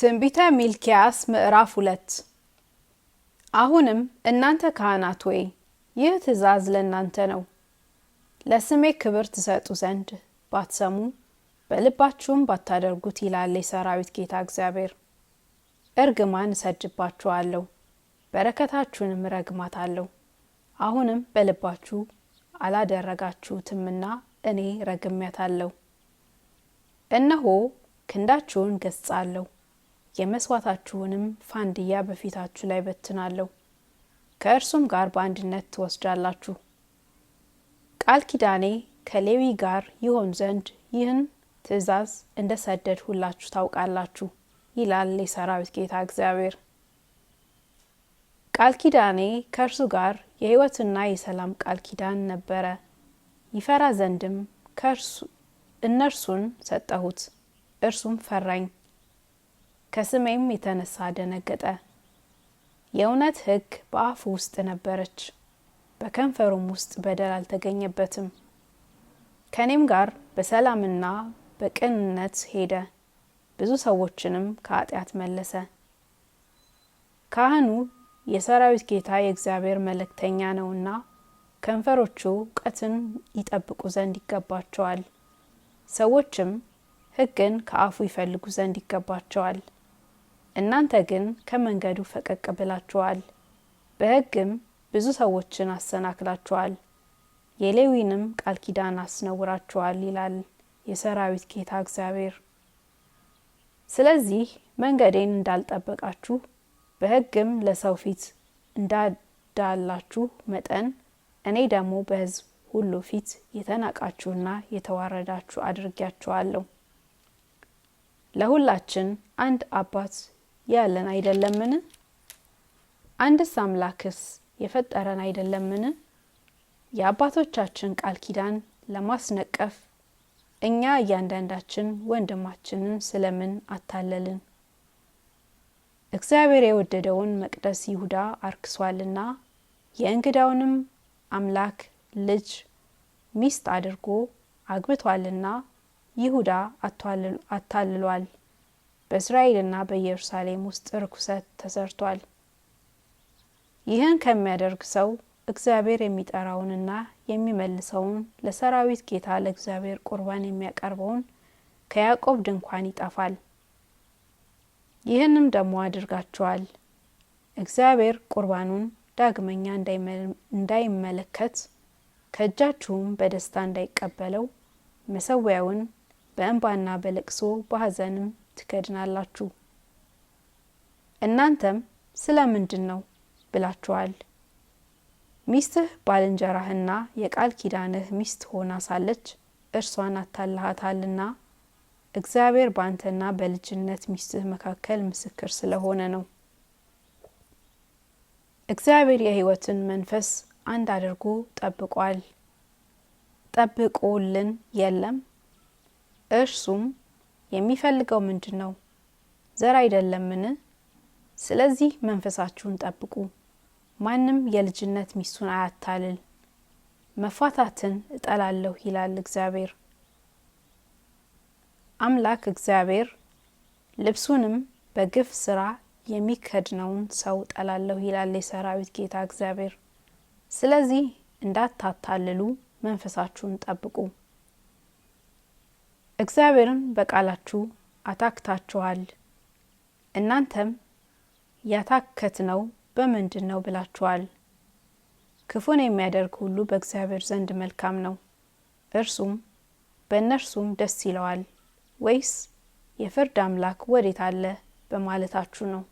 ትንቢተ ሚልኪያስ ምዕራፍ ሁለት አሁንም እናንተ ካህናት ወይ ይህ ትእዛዝ ለእናንተ ነው። ለስሜ ክብር ትሰጡ ዘንድ ባትሰሙ በልባችሁም ባታደርጉት ይላል የሰራዊት ጌታ እግዚአብሔር፣ እርግማን እሰድባችኋለሁ፣ በረከታችሁንም አለው አሁንም በልባችሁ አላደረጋችሁትምና እኔ ረግሜያታለሁ። እነሆ ክንዳችሁን ገስጻለሁ የመስዋዕታችሁንም ፋንድያ በፊታችሁ ላይ በትናለሁ፣ ከእርሱም ጋር በአንድነት ትወስዳላችሁ። ቃል ኪዳኔ ከሌዊ ጋር ይሆን ዘንድ ይህን ትእዛዝ እንደ ሰደድ ሁላችሁ ታውቃላችሁ፣ ይላል የሰራዊት ጌታ እግዚአብሔር። ቃል ኪዳኔ ከእርሱ ጋር የሕይወትና የሰላም ቃል ኪዳን ነበረ፣ ይፈራ ዘንድም ከእርሱ እነርሱን ሰጠሁት፣ እርሱም ፈራኝ ከስሜም የተነሳ ደነገጠ። የእውነት ሕግ በአፉ ውስጥ ነበረች፣ በከንፈሩም ውስጥ በደል አልተገኘበትም። ከእኔም ጋር በሰላምና በቅንነት ሄደ፣ ብዙ ሰዎችንም ከኃጢአት መለሰ። ካህኑ የሰራዊት ጌታ የእግዚአብሔር መልእክተኛ ነውና ከንፈሮቹ እውቀትን ይጠብቁ ዘንድ ይገባቸዋል። ሰዎችም ሕግን ከአፉ ይፈልጉ ዘንድ ይገባቸዋል። እናንተ ግን ከመንገዱ ፈቀቅ ብላችኋል፣ በሕግም ብዙ ሰዎችን አሰናክላችኋል፣ የሌዊንም ቃል ኪዳን አስነውራችኋል ይላል የሰራዊት ጌታ እግዚአብሔር። ስለዚህ መንገዴን እንዳልጠበቃችሁ በሕግም ለሰው ፊት እንዳዳላችሁ መጠን እኔ ደግሞ በሕዝብ ሁሉ ፊት የተናቃችሁና የተዋረዳችሁ አድርጊያችኋለሁ። ለሁላችን አንድ አባት ያለን አይደለምን? አንድስ አምላክስ የፈጠረን አይደለምን? የአባቶቻችን ቃል ኪዳን ለማስነቀፍ እኛ እያንዳንዳችን ወንድማችንን ስለምን አታለልን? እግዚአብሔር የወደደውን መቅደስ ይሁዳ አርክሷልና የእንግዳውንም አምላክ ልጅ ሚስት አድርጎ አግብቷልና ይሁዳ አታልሏል። በእስራኤልና በኢየሩሳሌም ውስጥ ርኩሰት ተሰርቷል። ይህን ከሚያደርግ ሰው እግዚአብሔር የሚጠራውንና የሚመልሰውን ለሰራዊት ጌታ ለእግዚአብሔር ቁርባን የሚያቀርበውን ከያዕቆብ ድንኳን ይጠፋል። ይህንም ደግሞ አድርጋችኋል። እግዚአብሔር ቁርባኑን ዳግመኛ እንዳይመለከት ከእጃችሁም በደስታ እንዳይቀበለው መሰዊያውን በእንባና በለቅሶ በሐዘንም ትከድናላችሁ። እናንተም ስለ ምንድን ነው ብላችኋል። ሚስትህ ባልንጀራህና የቃል ኪዳንህ ሚስት ሆና ሳለች እርሷን አታልሃታልና እግዚአብሔር በአንተና በልጅነት ሚስትህ መካከል ምስክር ስለሆነ ነው። እግዚአብሔር የሕይወትን መንፈስ አንድ አድርጎ ጠብቋል። ጠብቆልን የለም እርሱም የሚፈልገው ምንድን ነው? ዘር አይደለምን? ስለዚህ መንፈሳችሁን ጠብቁ። ማንም የልጅነት ሚስቱን አያታልል። መፋታትን እጠላለሁ ይላል እግዚአብሔር አምላክ እግዚአብሔር። ልብሱንም በግፍ ስራ የሚከድነውን ሰው እጠላለሁ ይላል የሰራዊት ጌታ እግዚአብሔር። ስለዚህ እንዳታታልሉ መንፈሳችሁን ጠብቁ። እግዚአብሔርን በቃላችሁ አታክታችኋል። እናንተም ነው በምንድን ነው ብላችኋል። ክፉን የሚያደርግ ሁሉ በእግዚአብሔር ዘንድ መልካም ነው፣ እርሱም በእነርሱም ደስ ይለዋል። ወይስ የፍርድ አምላክ ወዴት አለ በማለታችሁ ነው።